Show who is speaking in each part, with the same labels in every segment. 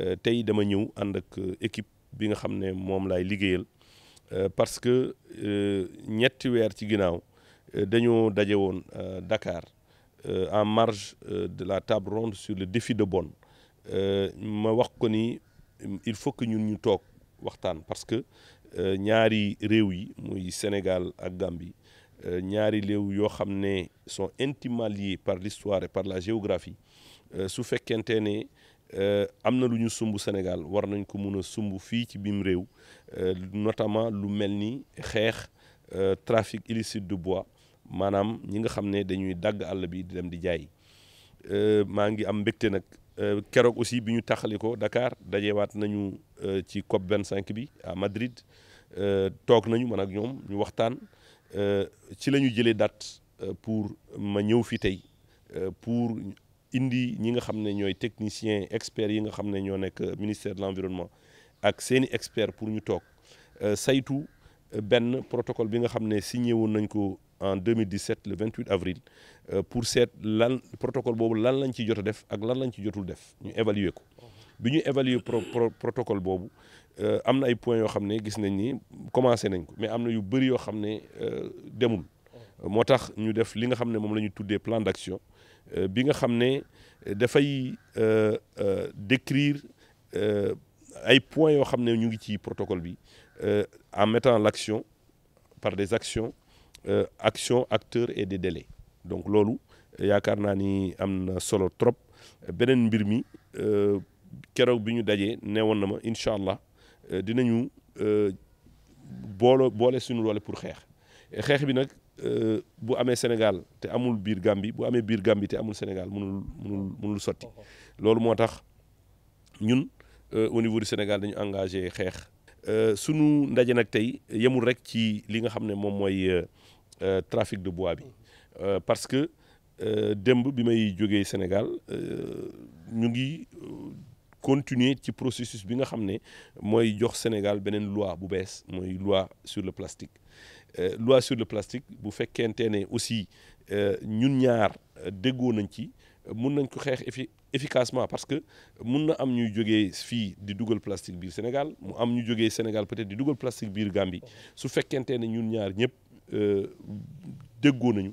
Speaker 1: Euh, tey dama ñëw ànd ak euh, équipe bi nga xam ne moom laay liggéeyal euh, parce que ñetti weer ci ginnaaw dañoo daje woon Dakar en marge de la table ronde sur le défi de Bon, ma wax ko ni il faut que ñun ñu toog waxtaan parce que ñaari réew yi muy Sénégal ak Gambie ñaari réew yoo xam ne sont intimement liés par l'histoire et par la géographie su fekkente ne euh, am na Sumbu Sénégal war nañ ko mëna sumbu euh, notamment lu nous euh, trafic illicite de bois manam, bi dem di jaay nous ngi am nous Dakar nañu ci COP 25 à Madrid tok nañu man ak ñom ñu waxtaan ci date pour ma pour indi ñi nga xam ne ñooy techniciens experts yi nga xam ne ñoo nekk ministère de l'environnement ak seeni experts pour ñu toog euh, saytu euh, benn protocole bi nga xam ne signé woon nañ ko en 2017 le 28 avril euh, pour seet lan protocole boobu lan lañ ci jot a def ak lan lañ ci jotul def ñu évaluer ko bi ñu évaluer protocole boobu am na ay points yoo xam ne gis nañ ni commencé nañ ko mais am na yu bëri yoo xam ne demul moo tax ñu def li nga xam ne moom la ñu tuddee plan d'action euh, bi nga xam ne euh, dafay euh, décrire ay points yoo xam ne ñu ngi ci protocole bi en mettant l'action par des actions actions acteurs et des délais donc loolu yaakaar naa ni am na solo trop beneen mbir mi keroog bi ñu dajee nee na ma incha allah dinañu boole boole suñu doole pour xeex xex bi nak euh, bu amé Sénégal té amul biir Gambie bu amé biir Gambie té amul Sénégal mënul mënul mënul soti lolu motax ñun euh, au niveau du Sénégal dañu engagé xeex euh, suñu ndaje nak tay yemul rek ci li nga xamné mom moy mooy trafic de bois bi parce que demb bi may joggé Sénégal ñu ngi continuer ci processus bi nga xamné moy jox Sénégal benen loi bu bess moy loi sur le plastique euh, loi sur le plastique bu fekkente ne aussi euh, ñun ñaar euh, déggo nañ ci mën nañ ko xeex efficacement parce que mën na am ñuy joggé fi di dugal plastique biir Sénégal mu am ñu joggé Sénégal peut-être di dugal plastique biir Gambie su fekkente ne ñun ñaar ñëpp déggo nañu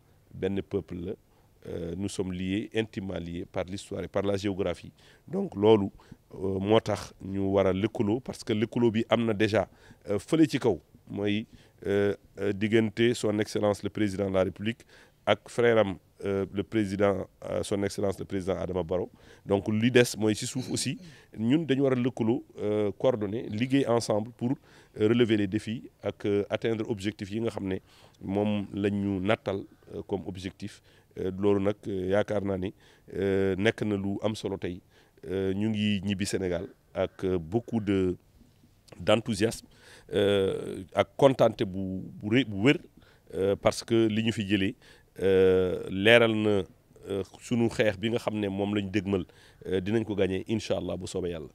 Speaker 1: Ben peuple euh, nous sommes liés intimement liés par l'histoire et par la géographie donc lolu euh, motax ñu parce que lëkkaloo bi déjà feulé ci kaw euh, son excellence le président de la république ak frère euh, le président euh, son excellence le président Adama Barrow donc l'IDES moi ici souffre aussi nous dañu le a euh, coordonner liguer ensemble pour relever les défis ak atteindre l'objectif yi nga xam ne moom comme objectif Nous avons yaakaar naa ni nekk na lu am solo tay ñu ngi Sénégal avec beaucoup de d'enthousiasme ak contenté bu bu wér parce que nous ñu fi Euh, leeral na euh, sunu xeex bi nga xam ne moom lañ dégmal euh, dinañ ko gagné incha allah bu soobee yàlla.